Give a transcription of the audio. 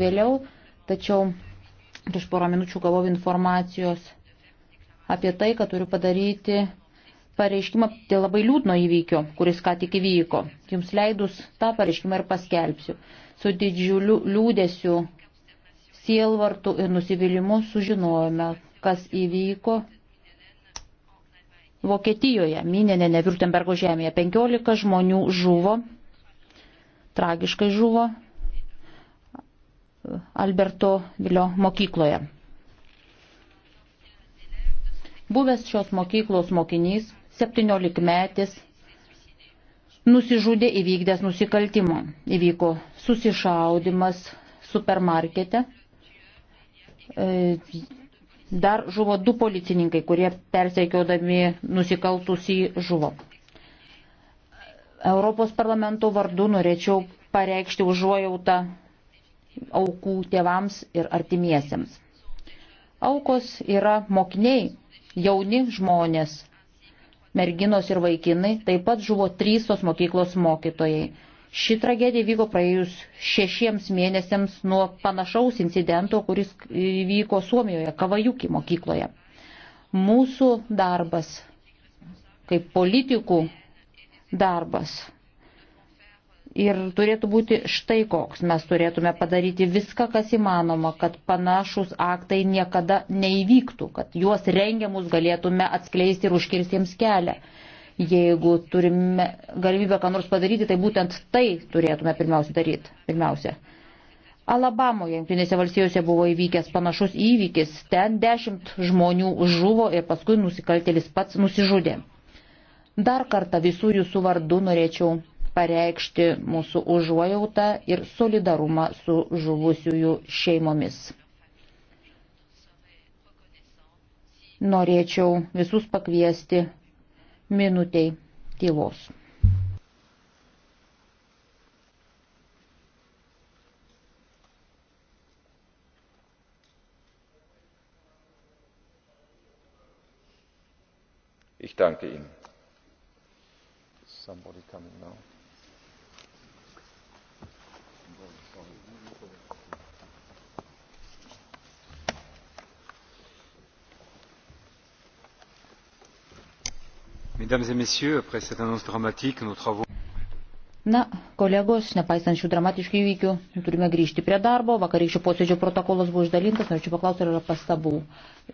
vėliau, tačiau prieš porą minučių gavau informacijos apie tai, kad turiu padaryti pareiškimą dėl labai liūdno įvykio, kuris ką tik įvyko. Jums leidus tą pareiškimą ir paskelbsiu. Su didžiuliu liūdėsiu, sielvartu ir nusivylimu sužinojome, kas įvyko Vokietijoje, Minėne, Nevirtembergo žemėje. 15 žmonių žuvo, tragiškai žuvo, Alberto Vilio mokykloje. Buvęs šios mokyklos mokinys, 17 metis, nusižudė įvykdęs nusikaltimą. Įvyko susišaudimas supermarkete. E, dar žuvo du policininkai, kurie persekiodami nusikaltusį žuvo. Europos parlamento vardu norėčiau pareikšti užuojautą aukų tėvams ir artimiesiems. Aukos yra mokiniai, jauni žmonės, merginos ir vaikinai, taip pat žuvo trys tos mokyklos mokytojai. Ši tragedija vyko praėjus šešiems mėnesiams nuo panašaus incidento, kuris vyko Suomijoje, Kavajuki mokykloje. Mūsų darbas, kaip politikų darbas, ir turėtų būti štai koks. Mes turėtume padaryti viską, kas įmanoma, kad panašus aktai niekada neįvyktų, kad juos rengiamus galėtume atskleisti ir užkirstiems kelią. Jeigu turime galimybę ką nors padaryti, tai būtent tai turėtume pirmiausia daryti. Pirmiausia. Alabamoje, Junktinėse valstijose buvo įvykęs panašus įvykis. Ten dešimt žmonių žuvo ir paskui nusikaltėlis pats nusižudė. Dar kartą visų jūsų vardų norėčiau pareikšti mūsų užuojautą ir solidarumą su žuvusiųjų šeimomis. Norėčiau visus pakviesti minutiai tylos. ich danke ihnen. Na, kolegos, nepaisant šių dramatiškų įvykių, turime grįžti prie darbo. Vakarykščio posėdžio protokolas buvo išdalintas, norėčiau paklausti, ar yra pastabų.